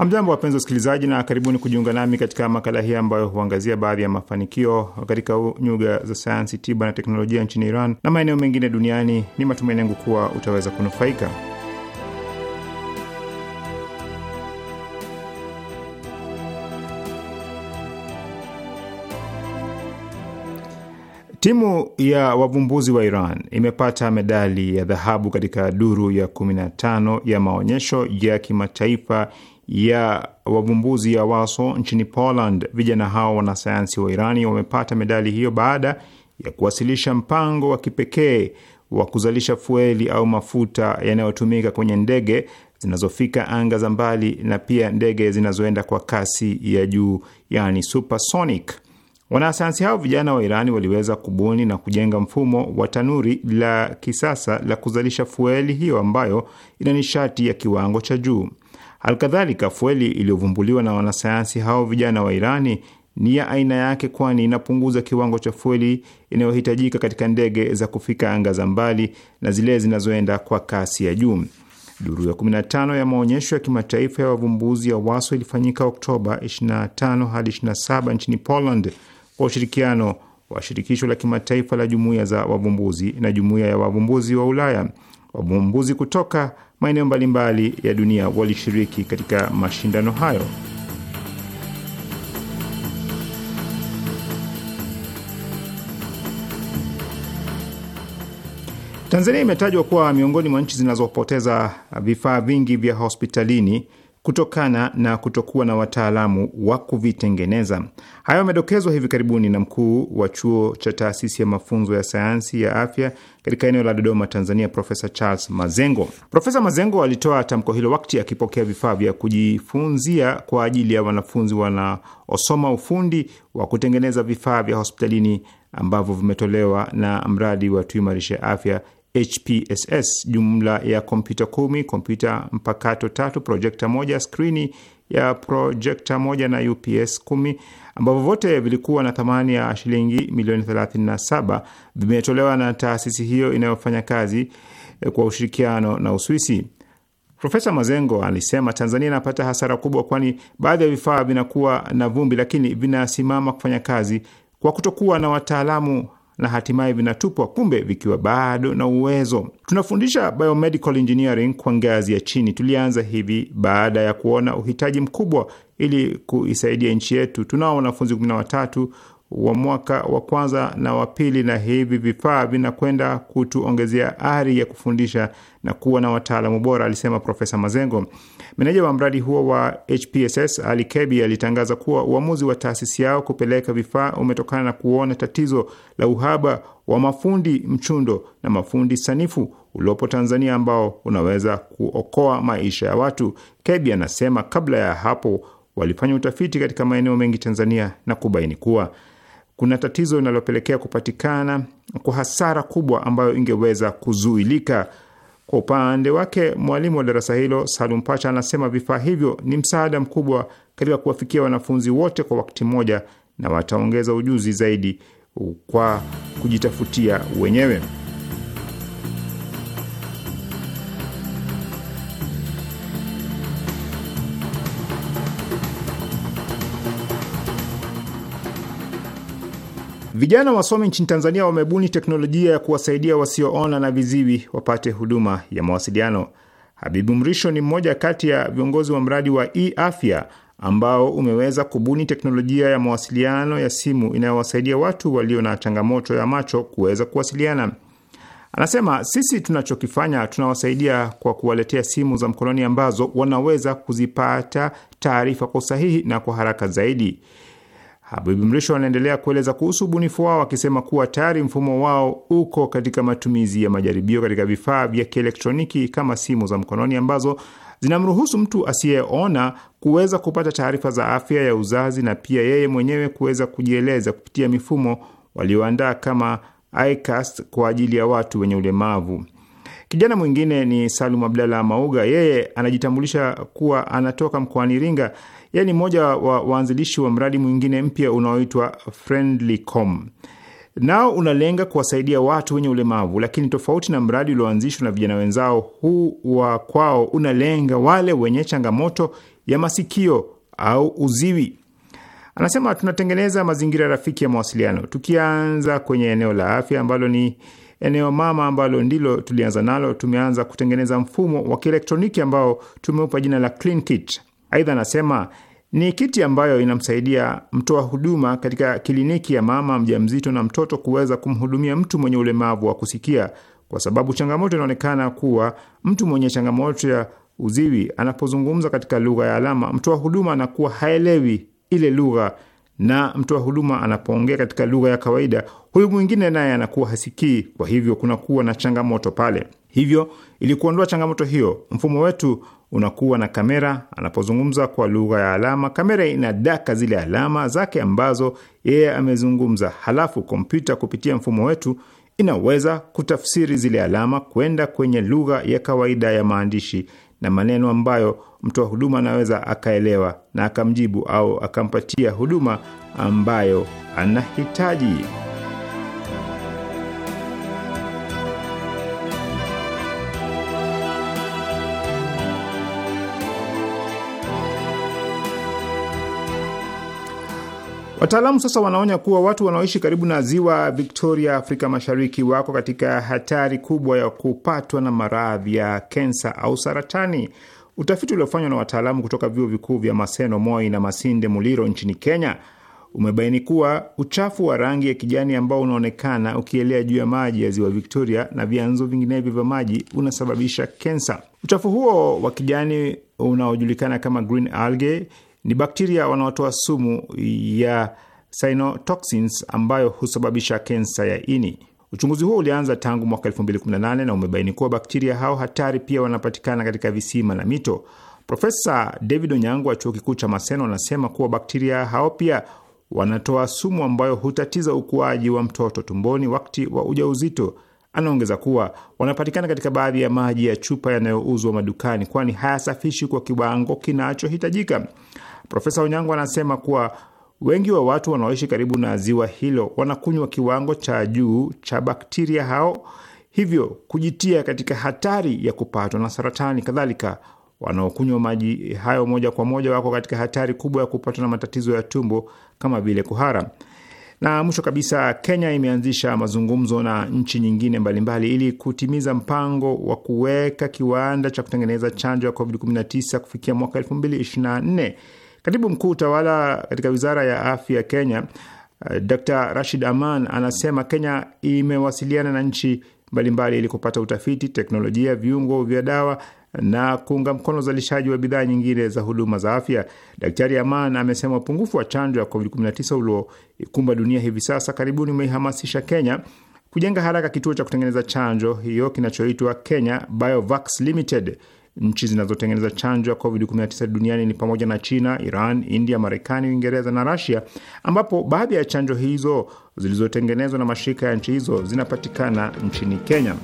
Hamjambo, wapenzi wasikilizaji, na karibuni kujiunga nami katika makala hii ambayo huangazia baadhi ya mafanikio katika nyuga za sayansi, tiba na teknolojia nchini Iran na maeneo mengine duniani. Ni matumaini yangu kuwa utaweza kunufaika. Timu ya wavumbuzi wa Iran imepata medali ya dhahabu katika duru ya 15 ya maonyesho ya kimataifa ya wavumbuzi ya Waso nchini Poland. Vijana hao wanasayansi wa Irani wamepata medali hiyo baada ya kuwasilisha mpango wa kipekee wa kuzalisha fueli au mafuta yanayotumika kwenye ndege zinazofika anga za mbali na pia ndege zinazoenda kwa kasi ya juu, yani supersonic. Wanasayansi hao vijana wa Irani waliweza kubuni na kujenga mfumo wa tanuri la kisasa la kuzalisha fueli hiyo ambayo ina nishati ya kiwango cha juu. Alkadhalika, fueli iliyovumbuliwa na wanasayansi hao vijana wa Irani ni ya aina yake, kwani inapunguza kiwango cha fueli inayohitajika katika ndege za kufika anga za mbali na zile zinazoenda kwa kasi ya juu. Duru ya 15 ya maonyesho ya kimataifa ya wavumbuzi ya waso ilifanyika Oktoba 25 hadi 27 nchini Poland kwa ushirikiano wa shirikisho la kimataifa la jumuiya za wavumbuzi na jumuiya ya wavumbuzi wa Ulaya. Wavumbuzi kutoka maeneo mbalimbali ya dunia walishiriki katika mashindano hayo. Tanzania imetajwa kuwa miongoni mwa nchi zinazopoteza vifaa vingi vya hospitalini kutokana na kutokuwa na wataalamu wa kuvitengeneza. Hayo yamedokezwa hivi karibuni na mkuu wa chuo cha taasisi ya mafunzo ya sayansi ya afya katika eneo la Dodoma, Tanzania, Profesa Charles Mazengo. Profesa Mazengo alitoa tamko hilo wakati akipokea vifaa vya kujifunzia kwa ajili ya wanafunzi wanaosoma ufundi wa kutengeneza vifaa vya hospitalini ambavyo vimetolewa na mradi wa tuimarishe afya HPSS jumla ya kompyuta kumi, kompyuta mpakato tatu, projekta moja, skrini ya projekta moja na UPS kumi ambavyo vote vilikuwa na thamani ya shilingi milioni 37 vimetolewa na taasisi hiyo inayofanya kazi eh, kwa ushirikiano na Uswisi. Profesa Mazengo alisema Tanzania inapata hasara kubwa, kwani baadhi ya vifaa vinakuwa na vumbi, lakini vinasimama kufanya kazi kwa kutokuwa na wataalamu na hatimaye vinatupwa, kumbe vikiwa bado na uwezo. Tunafundisha biomedical engineering kwa ngazi ya chini. Tulianza hivi baada ya kuona uhitaji mkubwa ili kuisaidia nchi yetu. Tunao wanafunzi kumi na watatu wa mwaka wa kwanza na wa pili, na hivi vifaa vinakwenda kutuongezea ari ya kufundisha na kuwa na wataalamu bora, alisema Profesa Mazengo. Meneja wa mradi huo wa HPSS Ali Kebi alitangaza kuwa uamuzi wa taasisi yao kupeleka vifaa umetokana na kuona tatizo la uhaba wa mafundi mchundo na mafundi sanifu uliopo Tanzania ambao unaweza kuokoa maisha ya watu. Kebi anasema kabla ya hapo walifanya utafiti katika maeneo mengi Tanzania na kubaini kuwa kuna tatizo linalopelekea kupatikana kwa hasara kubwa ambayo ingeweza kuzuilika. Kwa upande wake, mwalimu wa darasa hilo Salum Pacha anasema vifaa hivyo ni msaada mkubwa katika kuwafikia wanafunzi wote kwa wakati mmoja na wataongeza ujuzi zaidi kwa kujitafutia wenyewe. Vijana wasomi nchini Tanzania wamebuni teknolojia ya kuwasaidia wasioona na viziwi wapate huduma ya mawasiliano. Habibu Mrisho ni mmoja kati ya viongozi wa mradi wa e-afya ambao umeweza kubuni teknolojia ya mawasiliano ya simu inayowasaidia watu walio na changamoto ya macho kuweza kuwasiliana. Anasema, sisi tunachokifanya tunawasaidia kwa kuwaletea simu za mkononi ambazo wanaweza kuzipata taarifa kwa usahihi na kwa haraka zaidi. Habibu Mrisho anaendelea kueleza kuhusu ubunifu wao akisema kuwa tayari mfumo wao uko katika matumizi ya majaribio katika vifaa vya kielektroniki kama simu za mkononi ambazo zinamruhusu mtu asiyeona kuweza kupata taarifa za afya ya uzazi na pia yeye mwenyewe kuweza kujieleza kupitia mifumo walioandaa kama iCast kwa ajili ya watu wenye ulemavu. Kijana mwingine ni Salum Abdalla Mauga, yeye anajitambulisha kuwa anatoka mkoani Iringa. Yeye ni mmoja wa waanzilishi wa mradi mwingine mpya unaoitwa Friendlycom. Nao unalenga kuwasaidia watu wenye ulemavu, lakini tofauti na mradi ulioanzishwa na vijana wenzao, huu wa kwao unalenga wale wenye changamoto ya masikio au uziwi. Anasema tunatengeneza mazingira rafiki ya mawasiliano, tukianza kwenye eneo la afya ambalo ni eneo mama ambalo ndilo tulianza nalo. Tumeanza kutengeneza mfumo wa kielektroniki ambao tumeupa jina la CleanKit. Aidha anasema ni kiti ambayo inamsaidia mtoa huduma katika kliniki ya mama mjamzito na mtoto kuweza kumhudumia mtu mwenye ulemavu wa kusikia, kwa sababu changamoto inaonekana kuwa mtu mwenye changamoto ya uziwi anapozungumza katika lugha ya alama, mtoa huduma anakuwa haelewi ile lugha, na mtoa huduma anapoongea katika lugha ya kawaida, huyu mwingine naye anakuwa hasikii. Kwa hivyo kunakuwa na changamoto pale. Hivyo ili kuondoa changamoto hiyo, mfumo wetu unakuwa na kamera. Anapozungumza kwa lugha ya alama, kamera inadaka zile alama zake ambazo yeye amezungumza. Halafu kompyuta kupitia mfumo wetu inaweza kutafsiri zile alama kwenda kwenye lugha ya kawaida ya maandishi na maneno ambayo mtoa huduma anaweza akaelewa na akamjibu au akampatia huduma ambayo anahitaji. Wataalamu sasa wanaonya kuwa watu wanaoishi karibu na ziwa Victoria, Afrika Mashariki, wako katika hatari kubwa ya kupatwa na maradhi ya kensa au saratani. Utafiti uliofanywa na wataalamu kutoka vyuo vikuu vya Maseno, Moi na Masinde Muliro nchini Kenya umebaini kuwa uchafu wa rangi ya kijani ambao unaonekana ukielea juu ya maji ya ziwa Victoria na vyanzo vinginevyo vya maji unasababisha kensa. Uchafu huo wa kijani unaojulikana kama green algae ni bakteria wanaotoa sumu ya cyanotoxins ambayo husababisha kensa ya ini. Uchunguzi huo ulianza tangu mwaka 2018 na umebaini kuwa bakteria hao hatari pia wanapatikana katika visima na mito. Profesa David Onyango wa chuo kikuu cha Maseno anasema kuwa bakteria hao pia wanatoa sumu ambayo hutatiza ukuaji wa mtoto tumboni wakati wa ujauzito Anaongeza kuwa wanapatikana katika baadhi ya maji ya chupa yanayouzwa madukani, kwani hayasafishi kwa kiwango kinachohitajika. Profesa Onyango anasema kuwa wengi wa watu wanaoishi karibu na ziwa hilo wanakunywa kiwango cha juu cha bakteria hao, hivyo kujitia katika hatari ya kupatwa na saratani. Kadhalika, wanaokunywa maji hayo moja kwa moja wako katika hatari kubwa ya kupatwa na matatizo ya tumbo kama vile kuhara. Na mwisho kabisa, Kenya imeanzisha mazungumzo na nchi nyingine mbalimbali mbali, ili kutimiza mpango wa kuweka kiwanda cha kutengeneza chanjo ya COVID-19 kufikia mwaka 2024. Katibu mkuu utawala katika wizara ya afya ya Kenya eh, Dr Rashid Aman anasema Kenya imewasiliana na nchi mbalimbali ili kupata utafiti, teknolojia, viungo vya dawa na kuunga mkono uzalishaji wa bidhaa nyingine za huduma za afya. Daktari Aman amesema upungufu wa chanjo ya COVID-19 ulioikumba dunia hivi sasa karibuni umeihamasisha Kenya kujenga haraka kituo cha kutengeneza chanjo hiyo kinachoitwa Kenya Biovax Limited Nchi zinazotengeneza chanjo ya covid-19 duniani ni pamoja na China, Iran, India, Marekani, Uingereza na Rasia, ambapo baadhi ya chanjo hizo zilizotengenezwa na mashirika ya nchi hizo zinapatikana nchini Kenya.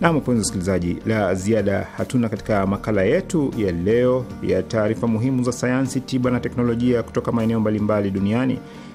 Nam, mpenzi msikilizaji, la ziada hatuna katika makala yetu ya leo ya taarifa muhimu za sayansi, tiba na teknolojia kutoka maeneo mbalimbali duniani.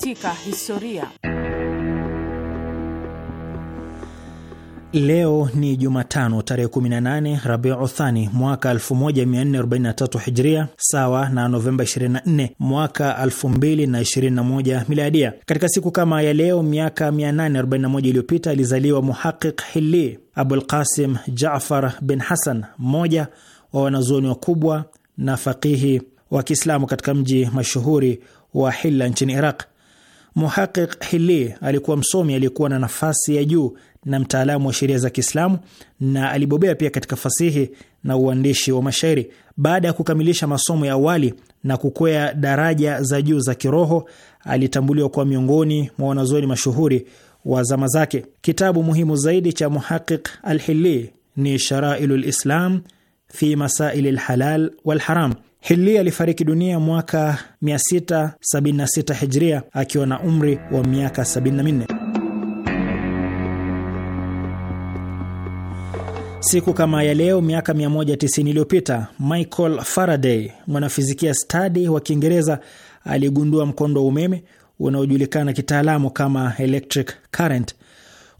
katika historia. Leo ni Jumatano tarehe 18 Rabiu uthani mwaka 1443 Hijria, sawa na Novemba 24 mwaka 2021 Miladia. Katika siku kama ya leo miaka 841 iliyopita alizaliwa Muhaqiq Hili Abul Qasim Jafar bin Hassan, mmoja wa wanazuoni wakubwa na faqihi wa Kiislamu katika mji mashuhuri wa Hilla nchini Iraq. Muhaqiq Hili alikuwa msomi aliyekuwa na nafasi ya juu na mtaalamu wa sheria za Kiislamu na alibobea pia katika fasihi na uandishi wa mashairi. Baada ya kukamilisha masomo ya awali na kukwea daraja za juu za kiroho, alitambuliwa kuwa miongoni mwa wanazuoni mashuhuri wa zama zake. Kitabu muhimu zaidi cha Muhaqiq Alhili ni Sharailul Islam fi Masaili lhalal walharam Hili alifariki dunia mwaka 676 Hijria akiwa na umri wa miaka 74. Siku kama ya leo miaka 190 iliyopita Michael Faraday, mwanafizikia stadi wa Kiingereza, aligundua mkondo wa umeme unaojulikana kitaalamu kama electric current.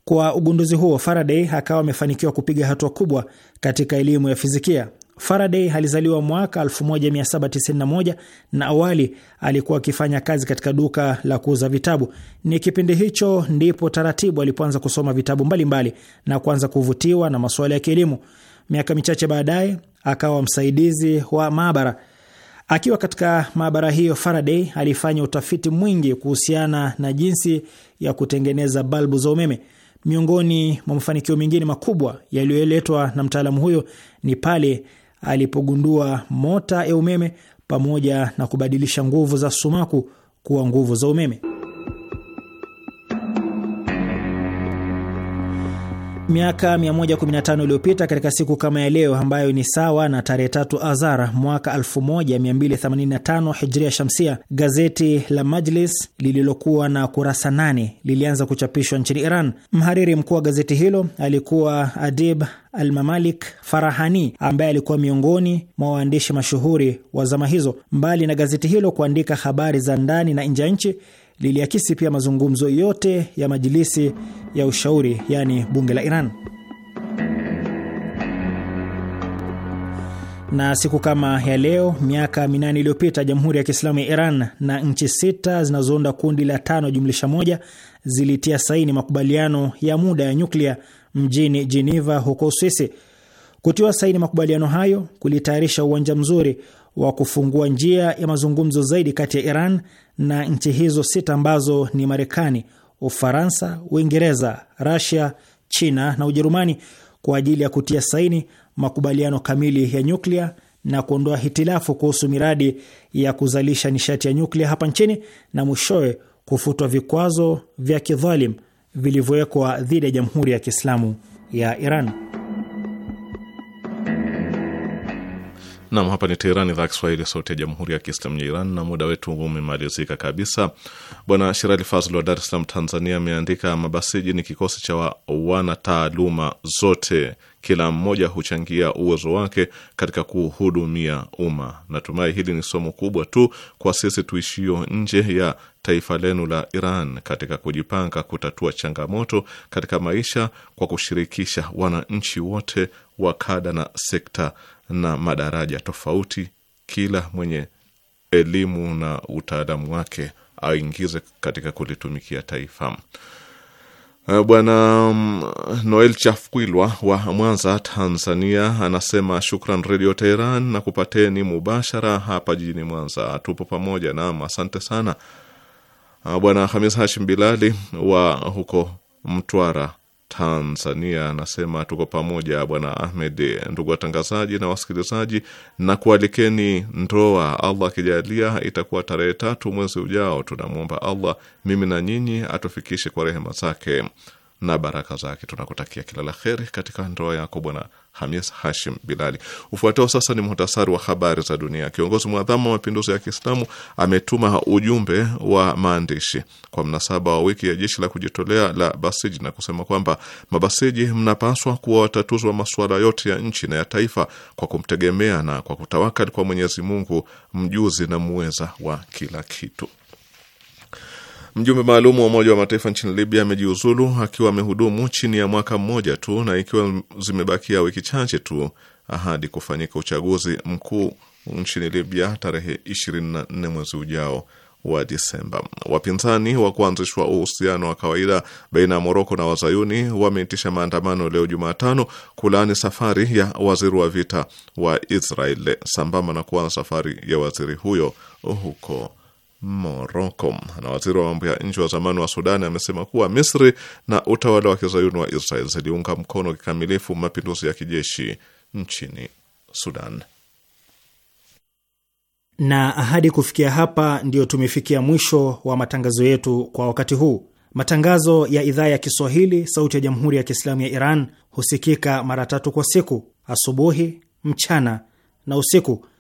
Kwa ugunduzi huo, Faraday akawa amefanikiwa kupiga hatua kubwa katika elimu ya fizikia. Faraday alizaliwa mwaka 1791 na awali alikuwa akifanya kazi katika duka la kuuza vitabu. Ni kipindi hicho ndipo taratibu alipoanza kusoma vitabu mbalimbali mbali, na kuanza kuvutiwa na masuala ya kielimu. Miaka michache baadaye akawa msaidizi wa maabara. Akiwa katika maabara hiyo, Faraday alifanya utafiti mwingi kuhusiana na jinsi ya kutengeneza balbu za umeme. Miongoni mwa mafanikio mengine makubwa yaliyoletwa na mtaalamu huyo ni pale alipogundua mota ya umeme pamoja na kubadilisha nguvu za sumaku kuwa nguvu za umeme. Miaka 115 iliyopita katika siku kama ya leo ambayo ni sawa na tarehe tatu Azar mwaka 1285 Hijria Shamsia, gazeti la Majlis lililokuwa na kurasa nane lilianza kuchapishwa nchini Iran. Mhariri mkuu wa gazeti hilo alikuwa Adib Almamalik Farahani ambaye alikuwa miongoni mwa waandishi mashuhuri wa zama hizo. Mbali na gazeti hilo kuandika habari za ndani na nje ya nchi, liliakisi pia mazungumzo yote ya majilisi ya ushauri, yaani bunge la Iran. na siku kama ya leo miaka minane iliyopita Jamhuri ya Kiislamu ya Iran na nchi sita zinazounda kundi la tano jumlisha moja zilitia saini makubaliano ya muda ya nyuklia mjini jeneva huko Uswisi. Kutiwa saini makubaliano hayo kulitayarisha uwanja mzuri wa kufungua njia ya mazungumzo zaidi kati ya Iran na nchi hizo sita ambazo ni Marekani, Ufaransa, Uingereza, Rasia, China na Ujerumani kwa ajili ya kutia saini makubaliano kamili ya nyuklia na kuondoa hitilafu kuhusu miradi ya kuzalisha nishati ya nyuklia hapa nchini na mwishowe kufutwa vikwazo vya kidhalim vilivyowekwa dhidi ya Jamhuri ya Kiislamu ya Iran. Nam, hapa ni Teheran, idhaa Kiswahili, sauti ya jamhuri ya kiislamu ya Iran, na muda wetu umemalizika kabisa. Bwana Shirali Fazl wa Dar es Salaam, Tanzania, ameandika mabasiji ni kikosi cha wanataaluma zote, kila mmoja huchangia uwezo wake katika kuhudumia umma. Natumai hili ni somo kubwa tu kwa sisi tuishio nje ya taifa lenu la Iran katika kujipanga kutatua changamoto katika maisha kwa kushirikisha wananchi wote wa kada na sekta na madaraja tofauti, kila mwenye elimu na utaalamu wake aingize katika kulitumikia taifa. Eh, Bwana mm, Noel Chafkwilwa wa Mwanza, Tanzania, anasema shukran Redio Teheran na kupateni mubashara hapa jijini Mwanza. Tupo pamoja. nam asante sana. Ah, Bwana Hamis Hashim Bilali wa huko Mtwara Tanzania anasema tuko pamoja Bwana Ahmed. Ndugu watangazaji na wasikilizaji, na kualikeni ndoa, Allah akijalia itakuwa tarehe tatu mwezi ujao. Tunamwomba Allah mimi na nyinyi atufikishe kwa rehema zake na baraka zake. Tunakutakia kila la kheri katika ndoa yako Bwana Hamis Hashim Bilali. Ufuatao sasa ni muhtasari wa habari za dunia. Kiongozi mwadhamu wa mapinduzi ya Kiislamu ametuma ujumbe wa maandishi kwa mnasaba wa wiki ya jeshi la kujitolea la Basiji na kusema kwamba mabasiji mnapaswa kuwa watatuzi wa masuala yote ya nchi na ya taifa kwa kumtegemea na kwa kutawakali kwa Mwenyezi Mungu mjuzi na muweza wa kila kitu. Mjumbe maalum wa Umoja wa Mataifa nchini Libya amejiuzulu akiwa amehudumu chini ya mwaka mmoja tu na ikiwa zimebakia wiki chache tu ahadi kufanyika uchaguzi mkuu nchini Libya tarehe 24 mwezi ujao wa Disemba. Wapinzani wa kuanzishwa uhusiano wa kawaida baina ya Moroko na Wazayuni wameitisha maandamano leo Jumatano kulaani safari ya waziri wa vita wa Israel sambamba na kuanza safari ya waziri huyo huko Moroko. Na waziri wa mambo ya nje wa zamani wa Sudani amesema kuwa Misri na utawala wa kizayuni wa Israel ziliunga mkono kikamilifu mapinduzi ya kijeshi nchini Sudan. Na ahadi kufikia hapa, ndiyo tumefikia mwisho wa matangazo yetu kwa wakati huu. Matangazo ya idhaa ya Kiswahili sauti ya jamhuri ya Kiislamu ya Iran husikika mara tatu kwa siku: asubuhi, mchana na usiku